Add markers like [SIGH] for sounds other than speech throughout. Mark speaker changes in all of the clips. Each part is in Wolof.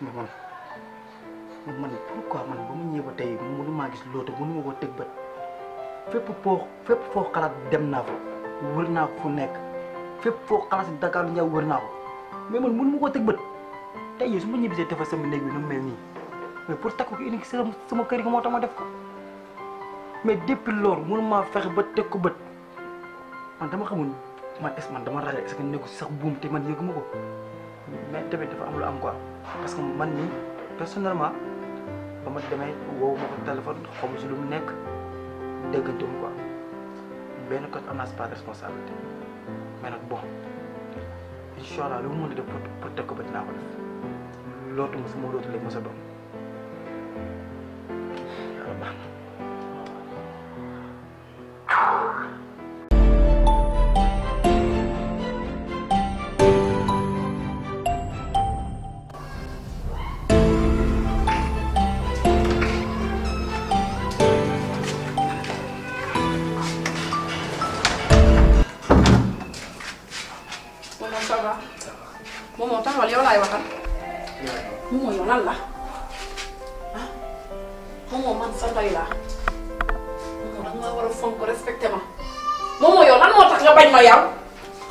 Speaker 1: mais man man pourquoi man ba mu ñëwee ba tey mënu maa gis loota mënu ma ko tëg bët fépp foo foo xalaat dem naa fa wër naa ko nekk fépp foo xalaat si Dakar Ndiaye wër naa ko mais man mënu ma ko tëg bët tey yow ma ñibbisee dafa sama néeg bi nu mel nii mais pour takku ko unique sama sama kër gi moo tax ma def ko mais depuis loolu mënu maa fexe ba teg ko bët man dama xamul man est man dama ragal est-ce que nekku sax buum te man yëguma ko mais tamit dafa am lu parce que man nii personnellement ba ma demee woowu ma téléphone xaw ma si lu mu nekk déggantum quoi benn côté am naa si pas responsabilité mais nag bon incha
Speaker 2: lu mu mën a def pour pour ko ba dinaa ko def lootu ma su lootu léegi ma sa doom
Speaker 1: fonk respecté ya, ma moom yow lan moo tax nga bañ ma yow.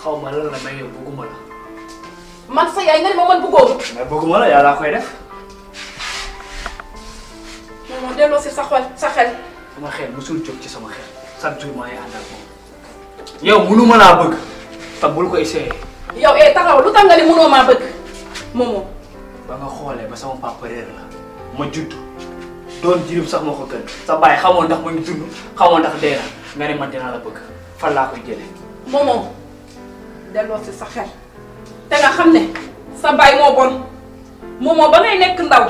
Speaker 3: xaw ma lan la may yow bëgguma la.
Speaker 1: man sa yaay nga ne ma man bëggoo. mais
Speaker 3: bëgguma la yàlla koy def.
Speaker 1: moom delloo si sa xol sa xel.
Speaker 3: sama xel musul jóg ci sama xel chaque jour maa ngi ànd ak moom. yow munu ma laa bëgg te bul ko essayé.
Speaker 1: yow eh taxaw lu tax nga ni munoo maa bëgg moomoo.
Speaker 3: ba nga xoolee ya, ba sama papa réer la ma judd don jirim sax moko ko gën sa bàyyi xamone ndax moy dund xamone ndax deena na nga ne man dina la bëgg fa la koy jëlé
Speaker 1: momo delo ci sa xel té nga xamné sa bàyyi mo bon momo ba ngay nek ndaw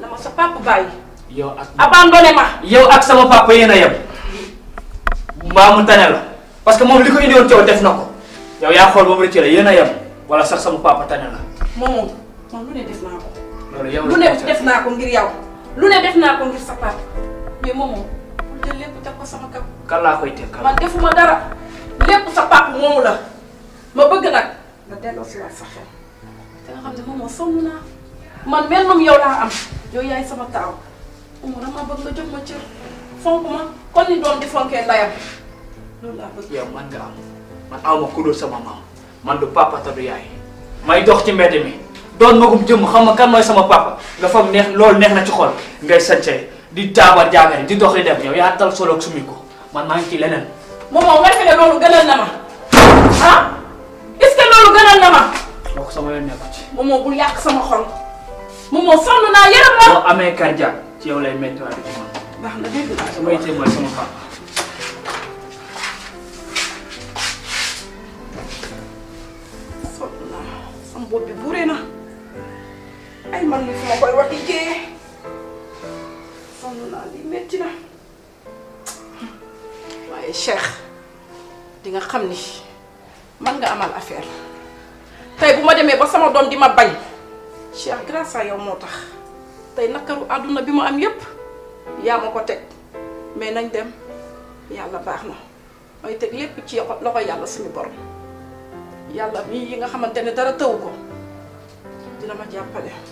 Speaker 1: la ma sa papa bàyyi. yow ak abandoné ma.
Speaker 3: yow ak sama papa yena yam yem mbaa mu tane la parce que liko indi won ci coow def nako yow ya xol ba mu la yena a wala sax sama papa tané la.
Speaker 1: momo moom lu ne def nako lu ne def nako ngir yow luna def na ko ngir sa papa mais momo bul jël lepp te ko sama kap
Speaker 3: kan laa koy teg
Speaker 1: kan man defuma dara lepp sa papa momu la ma bëgg nag nga delloosiwaat sa xel te nga xamne momo moomoo na man mel moom yow la am yow yaay sama taaw moomoo dama bëgg nga jox ma ci fonk ma kon ni doon di fonké ndayam loolu la
Speaker 3: bëgg. yow man nga am man awma ma ku sama maam man du papa ta du yaay may dox ci mbédé mi. doon magum jëmm xam ma kan mooy sama papa nga fam neex loolu neex na ci xol ngay sañse di taabar jaagari di dox i dem yow yaa tal solo ak sumi ko man maa ngi ci leneen.
Speaker 1: moom moom nga defe ne loolu gënal na ma ah est-ce que loolu gënal na ma.
Speaker 3: wax sama yoon nekku ci.
Speaker 1: moom moo bul yàq sama xol moom moo sonn naa yaram ma.
Speaker 3: boo amee karja ci yow lay méttiwaat ci man.
Speaker 1: ndax na dégg naa
Speaker 3: sama ittee sama papa.
Speaker 1: Eh, man li suma koy war liggéey sonn naa metti na waaye Cheikh di nga xam ni man nga amal affaire tey bu ma ba sama dom di ma bañ Cheikh grâce à yow ya, moo tax tey nakaru àdduna bi ma am yépp yaa ma ko teg mais nañ dem yàlla ya baax na may teg lépp ci loxo yàlla ya suñu borom yàlla mii yi nga xamante dara tëw dina ma jàppale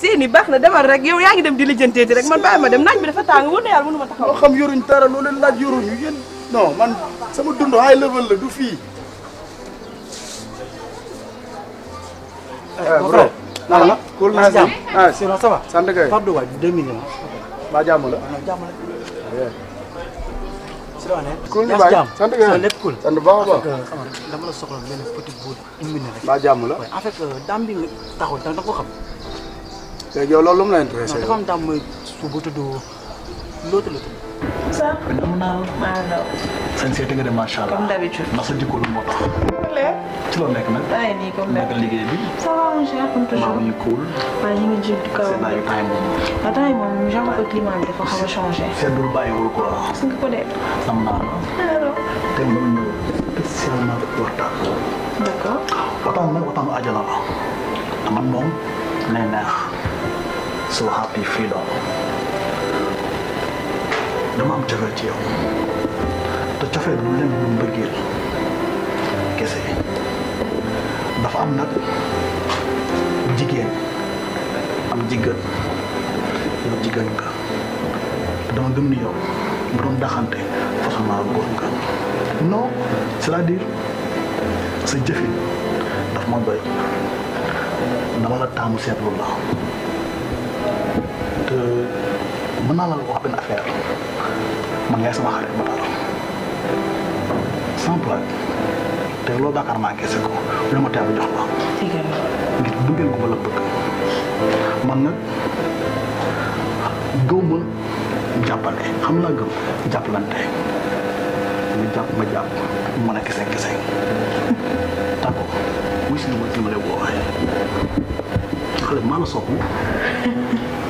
Speaker 1: seeni baxna na demal rek yow yaangi dem di lijjanteeti rek man baama dem nañ bi dafa tàng wóor na yàlla mënu ma
Speaker 4: taxaw. loo xam yoruñ tara lo leen laaj yoruñu yeen non man sama dundu high level la du fii. Eh, bro naan ah, la cool naa ah, si ah sinon ça va. sant kay Pape Duba deux minutes ah. maa jàmm la
Speaker 2: maa jàmm la. Ah, cool kulit, baay sant kay lépp cool sant bu baax a baax.
Speaker 4: dama la soxla benn petit bout une minute rek. maa jàmm la en fait euh, dam bi léegi yow loolu lu mu la intéressé. dafa
Speaker 1: am daam mooy su bu tudd lootu la tudd. ça. am naa maa ndaw.
Speaker 2: seen seeti nga de macha allah. comme d'habitude ndax sa jikko lu moo tax. ci loo nekk nag. maa
Speaker 1: ngi nii comme nekk liggéey bi. ça va mon cher comme toujours. maa ngi cool. maa ngi nii jëm kaw. seen ay temps moom. waaw temps yi moom genre que climat bi dafa xaw
Speaker 2: a changé. seetlu bàyyi wul quoi. gis nga ko de. am naa
Speaker 1: la. alors.
Speaker 2: te mën na spécialement waxtaan. d'accord. waxtaan nag waxtaanu àjjana la. man moom lay neex. so happy freedom dama am cofeel ci yow te cofeel lu leen lu mbëggeel kese dafa am nag jigéen am jigéen yow jigéen nga dama gëm ni yow bu doon daxante façon naa góor nga non c'est-à-dire sa jëfin daf ma doy dama la taamu seetlu la te mën naa la wax benn affaire man yaay sama xarit Matar sans ma teel a jox la. ngir dugal ko ba la bëgg man nag gëw ma jàppale xam naa gëm jàppalante ma jàpp mën a kese kese [LAUGHS]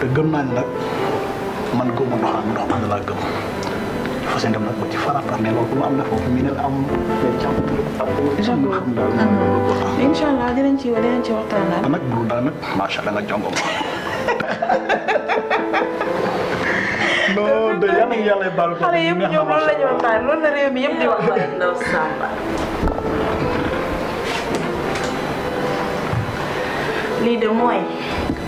Speaker 2: te gëm naa ne nag man gëmmu ndoxaan ndox man laa gëm fas yéene nag ci farataal mais loolu lu am la foofu mi ne am xam daal
Speaker 1: incha allah dinañ ci dinañ ci waxtaan daal.
Speaker 2: nag bu daal nag macha allah nag jongo [LAUGHS] non de yàlla yàlla baal ko. xale yëpp ñoom loolu la ñu
Speaker 1: waxtaan loolu la réew mi yëpp di wax. lii de mooy.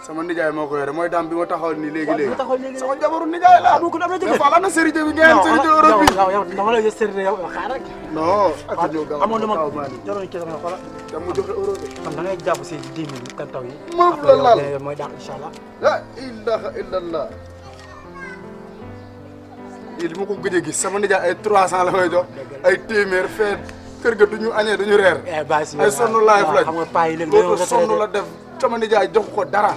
Speaker 4: sama nijaay moo ko yore mooy daam bi ma taxaw nii léegi léegi sama jabaru nijaay la ko am na jëkkër fa la na sérité bi ngeen sérité Europe bi yow yow dama la sérité yow xaar rek non ak ñoo gaaw amoon dama joroon ci sama xol dama joxe euro bi am da ngay jàpp ci 10 000 kan taw yi moom la laal mooy daan inshallah la ilaha illallah lii li ma ko gëj a gis sama nijaay ay 300 la may jox ay téeméer feet kër ga duñu añee duñu reer eh, ay sonn live la xam nga paa yi léegi sonn la def sama nijaay jox ko dara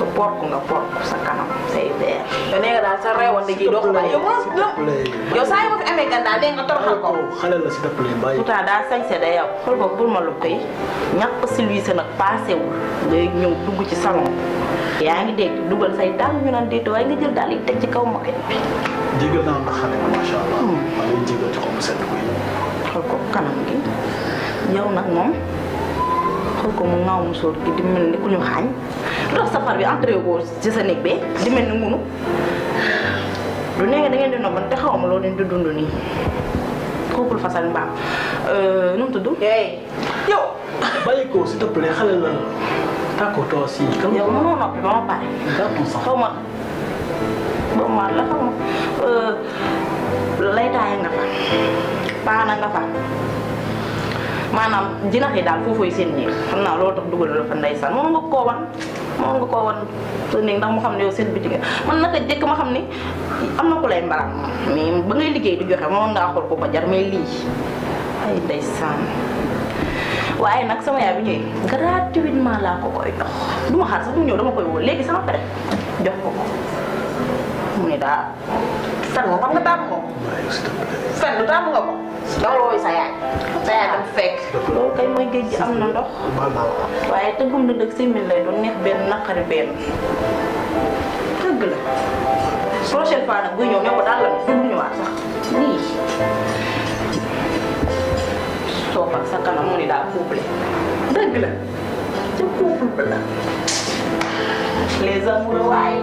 Speaker 1: ba pork nga pork sa kanam say verre. te nee daal sa reewante gi doo ko bàyyi yow saa yoo ko fi amee gànnaar nee nga toroxal ko. xale la si dëpp lay bàyyi. da yow xool boobu bul ma lu koy ñàkk silvissé nag paase ngay ñëw dugg ci salon yaa ngi dégg dugal say dàll ñu naan déet waaye nga jël dàll yi teg ci kaw moket bi.
Speaker 2: jégal naa ma xale ma macha allah. Hmm. ma lay ci xaw ma sedd ko yi. xool ko
Speaker 1: kanam gi yow moom. pour que mu ngaaw musóor di mel ni ku ñu xaañ lu tax safar bi entré ko ci sa néeg bi di mel ni munu du nee nga da ngeen di xaw ma loo di dund nii kookul fasal mbaam euh, nu mu tudd. ba ma pare. xaw ma xaw ma la xaw ma euh, laytaaya nga fa paana nga fa. maanaam jinax yi daal foofu seen néeg xam naa loolu tax dugal la fa ndeysaan moom nga koo wan moom nga koo wan sa néeg ndax mu xam ne yow seen bitig man naka jëkk ma xam ne am na ko lay mbaram mais ba ngay liggéey di joxe moom ngaa xool ko ko jar mais lii ay ndeysaan waaye nag sama yaay bi ñëwee gratuitement laa ko koy jox du ma xaar sax mu ñëw dama koy woo léegi sama pare jox ko ko mu ne daal fen moom xam nga taamu sa yaay. fekk. loolu kay mooy géej am na ndox. waaye tëggum na dëgg simil lay doon neex benn naqari benn. dëgg la. prochaine fois nag buy ñëw ne ko daal la du ñëwaat sax nii. soo ak sa kanam mu ne daal couple dëgg la. ci couple la. les amoureux waaye.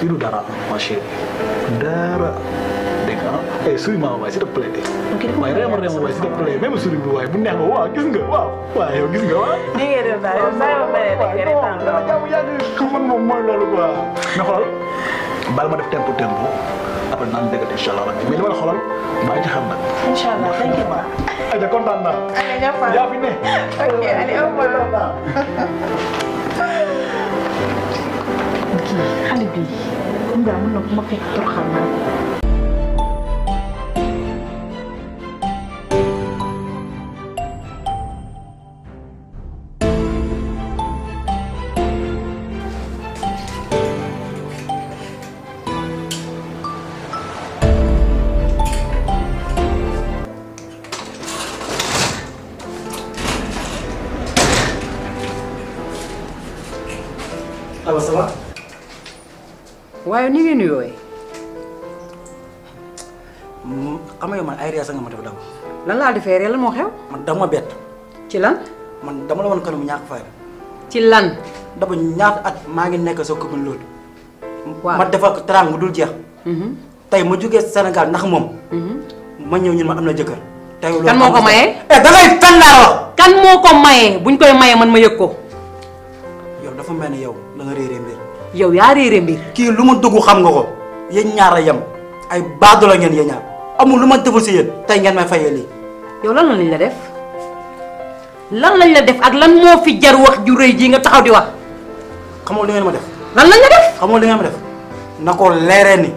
Speaker 2: darah darah masih deh ah, eh mau Mau memang Nih, saya iya, mau ma def tempo tempo après nan dëgg inshallah rabbi nanti dama la xolal bàyyi ci xam nag inshallah thank you ma aja kontaan naa
Speaker 1: yaa fi ne [LAUGHS] ok allez au apa? be. Hindi, ano, makikita ka na. waaye ni ngeen nuyooyee. Hmm, xam nga man ay rees nga ma def daw. lan laa defee ree lan moo xew. man dama bett. ci lan. man dama la woon kanamu ci lan. dama ñaata at maa ngi nekk sa commune loolu. waaw ma defal ko teraanga dul jeex. Mm-hmm. tey ma jógee senegal ndax moom. Mm-hmm. ma ñëw ñun ma am na jëkkër. tey kan moo ko maye. eh da laa wax. kan moo ko maye buñ koy maye man ma yëg ko. yow dafa mel ni yow la nga mbir. yow ya rere mbir ki luma duggu xam nga ko yéen ñaara yam ay baadu la ngeen yéen ñaar amul lu ma deful si yéen tey ngeen may fayé li yow lan lañ la def lan lañ la def ak lan mo fi jar wax ju reey ji nga taxaw di wax xamoo li ngeen ma def lan lañ la def xamoo li ngeen ma def nako ko ni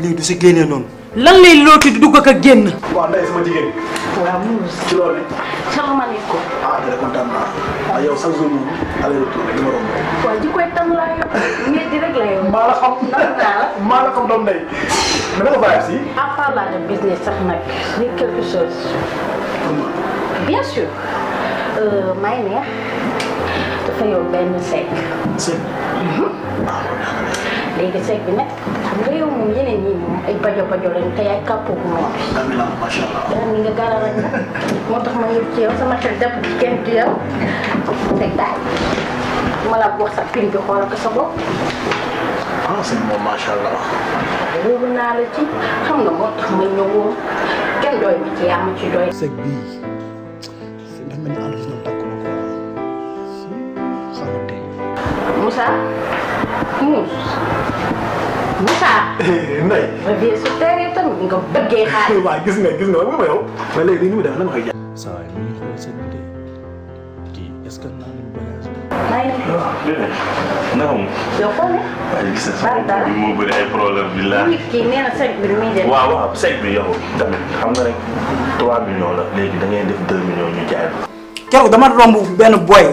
Speaker 1: li du ci génnee non lan lay
Speaker 2: loti du dugg ak génn waaw sama jigéen waaw ci loolu salaamaaleykum ah dara kontaan naa ah yow chaque jour moom aller retour li ma romb.
Speaker 1: waaw la yor. maa la xam
Speaker 2: maa la xam doom la
Speaker 1: business sax nag ni quelque bien sûr. Euh, may neex dafa yor benn sec. sec. Mhm. Ah, léegi seeg bi nag xam nga yow moom yeneen ñi te yaay
Speaker 2: kàppoo ko moom. alhamdulilah macha mi nga garal rek
Speaker 1: moo tax ma ñëw ci yow sama xel dëpp ci ci yow ma la wax sax prix bi xoolal ko sa bopp.
Speaker 2: ah sëñ moom macha allah.
Speaker 1: loolu la ci xam moo tax ma ñëw woon kenn doy ma ci yaa ma ci doy. seeg bii. Moussa Moussa. Ndeye. ma vie su teree tamit nga bëggee xaalis.
Speaker 5: waaw gis nga gis nga waaw nga yow. ba léegi nii mu def lan nga koy jàpp. ça va ñu ngi xool seen bi kii
Speaker 1: est-ce que naa leen bagage. maa ngi lay.
Speaker 5: waaw déedéet. ndax moom. yow xool. waaye gis nga sama bopp bi moo bëri ay problème bi laa.
Speaker 1: kii nee na sec bi muy def.
Speaker 5: waaw waaw sec
Speaker 2: bi yow tamit xam nga rek 3 millions la léegi da ngay def 2 millions ñu jaay ko.
Speaker 1: keroog dama romb benn boy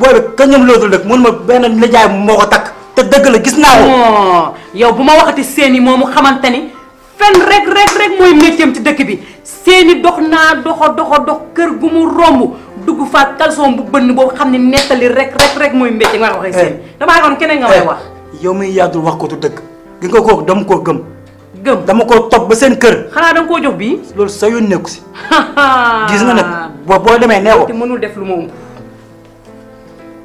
Speaker 1: boy bi kañ la ñu lootul rek mun ma benn nijaay moo ko takk. te deug la gis na wo oh, yow buma waxati seeni momu xamante fen rek rek rek moy métier ci dekk bi seeni dox na doxo doxa dox keur gu mu rombu duggu fa calson bu benn bo xamni netali rek rek rek moy metti nga waxe seni eh, dama xam keneen nga may wax. Eh, yow mi yaddu wax ko tu dëgg gi nga ko dam ko gem gem dama ko top ba sen keur xana dang ko jox bi lolou sayu yoon si. gis nga nak bo bo demé nee ko. te mënul def lu ma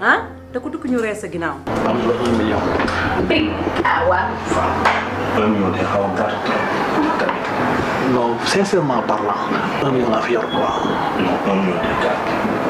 Speaker 1: ah te ku tukki ñu rees sa ginnaaw.
Speaker 2: am na un million.
Speaker 1: bi ah waaw.
Speaker 2: waaw un million de xaw a gàtt tamit. non sincèrement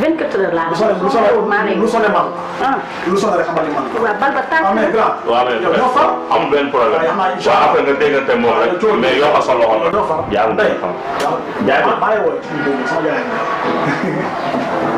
Speaker 1: 24 heures laa. lu sonné lu sonné man.
Speaker 2: lu sonné rek xamal ni man. waaw bal ba tànk na
Speaker 4: waaw mais ñoo far amul benn problème waaw après nga déggante moom rek ah, mais yoo ko
Speaker 5: sa
Speaker 2: loxo la. jaay ma jaay ah, ma. [LAUGHS]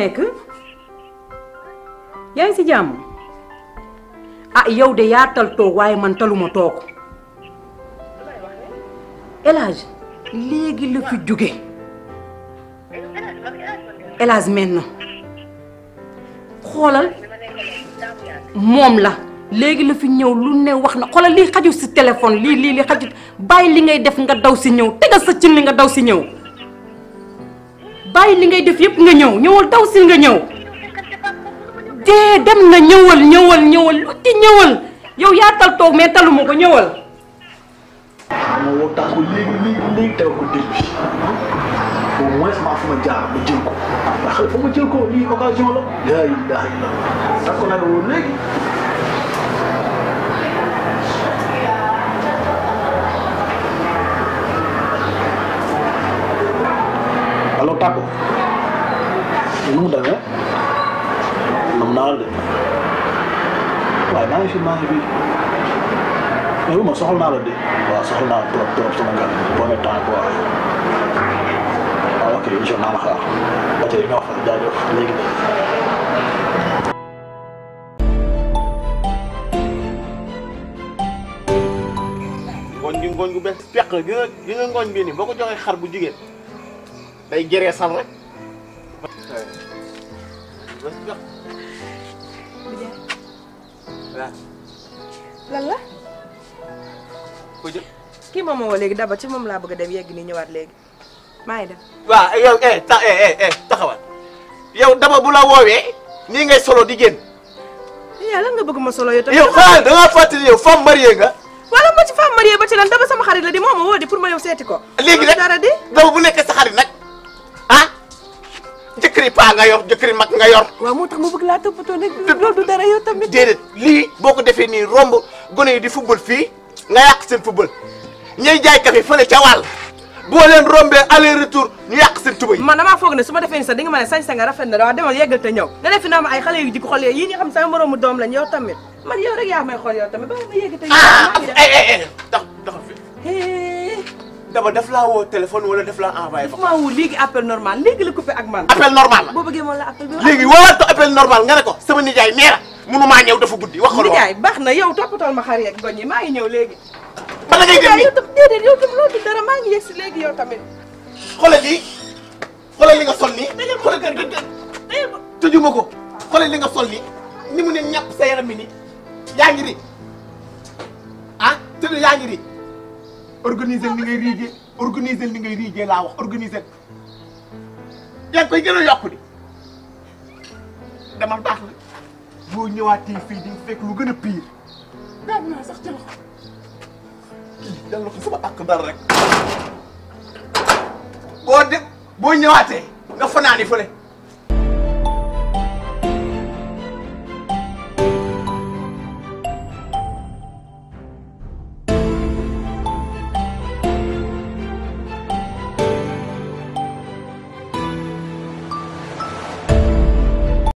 Speaker 1: nekk yaa si jàmm ah yow de yaatal toog waaye man taluma toog El Hadj léegi la fi jóge El mel na xoolal moom la léegi la fi ñëw lu ne wax na xoolal lii xaju si téléphone lii lii li xaju bàyyi li ngay def nga daw si ñëw tegal sa cin li nga daw si ñëw bàyyi li ngay def yëpp nga ñëw ñëwal taw si nga ñëw dee dem na ñëwal ñëwal ñëwal lu ci ñëwal yow yaa tal toog mais talu ma ko ñëwal.
Speaker 2: moo tax ko léegi léegi léegi teew ko dégg bi fa ma jël ko lii occasion la. yaa ilaha illallah takk naa la woon léegi. muda nam naalde waaye maa ngi fi maa ngi fi yow ma soxla naa la de waaw soxla naa trop trop sama gars bone temps quoi waaw ok nga gi nga
Speaker 5: bi ni xar bu day sal rek Rồi. Rất gấp. Là.
Speaker 1: lan la ku jëm kii moom moo léegi daba ci moom laa bëgg dem yegg ni ñëwaat léegi maa dem
Speaker 5: waaw yow eh ta eh eh, eh taxawal eh, eh, yow ya, daba bu la woowee nii ngay solo di génn
Speaker 1: yaa lan nga bëgg ma solo yow ya, tamit yow ya, xaal da ngaa
Speaker 5: fàttali yow femme mariée nga
Speaker 1: wala ma ci femme mariée ba ci lan daba sama xarit la di moo ma di pour ma yow seeti ko léegi nag dara di daba bu nekkee sa xarit nag jëkkëri paa
Speaker 5: nga yor jëkkëri mag nga yor. waaw moo tax ma bëgg laa toppatoo nag loolu du dara yow tamit. déedéet lii boo ko defee nii gone di football fii nga yàq seen football ñay jaay café fële ca
Speaker 1: wàll boo leen rombee aller retour ñu yàq seen tubay. man damaa foog ne su ma defee nii sax di nga ma ne sañ-sañ nga ya rafet na waaw demal yeggal te ñëw. leneen fi naa ma ay xale yu jikko xol yii ñu xam sama moroomu doom lañ yow tamit man yow rek yaa ya, may xool yow tamit ba ma yegg ya te ñëw. ah eh eh ay ndax ndax fi
Speaker 5: dama def la wo téléphone wala def la envoyer
Speaker 1: fa maa wu léegi appel
Speaker 5: normal léegi la couper ak man. appel normal bo
Speaker 1: beugé mo la appel bi. léegi to
Speaker 5: appel normal nga ne ko sama nijaay nee munu ma ñew dafa guddii waxal ko nijaay baax
Speaker 1: na yow toppatool ma xari ak goñi ma ngi ñew léegi. ba la ngay dem ni yow tam déedéet yow lo di dara ma ngi yex ci léegi yow tamit. xolé li xolé li nga sol nii.
Speaker 5: xoolal gën gën tëjuma ko xoolal li nga sol ni ni mu ne ñap sa yaram mi nii yaa ri ah tëdd yaa ngi ri organiser ni ngay riigee organiser ni ngay riigee laa wax organiser yaa ngi gën a yokku di demal baax la boo ñëwaatee fii di fekk lu gën a pire daan naa sax ci loxo kii dal la ko sama àq dal rek boo de boo ñëwaatee nga fanaani fële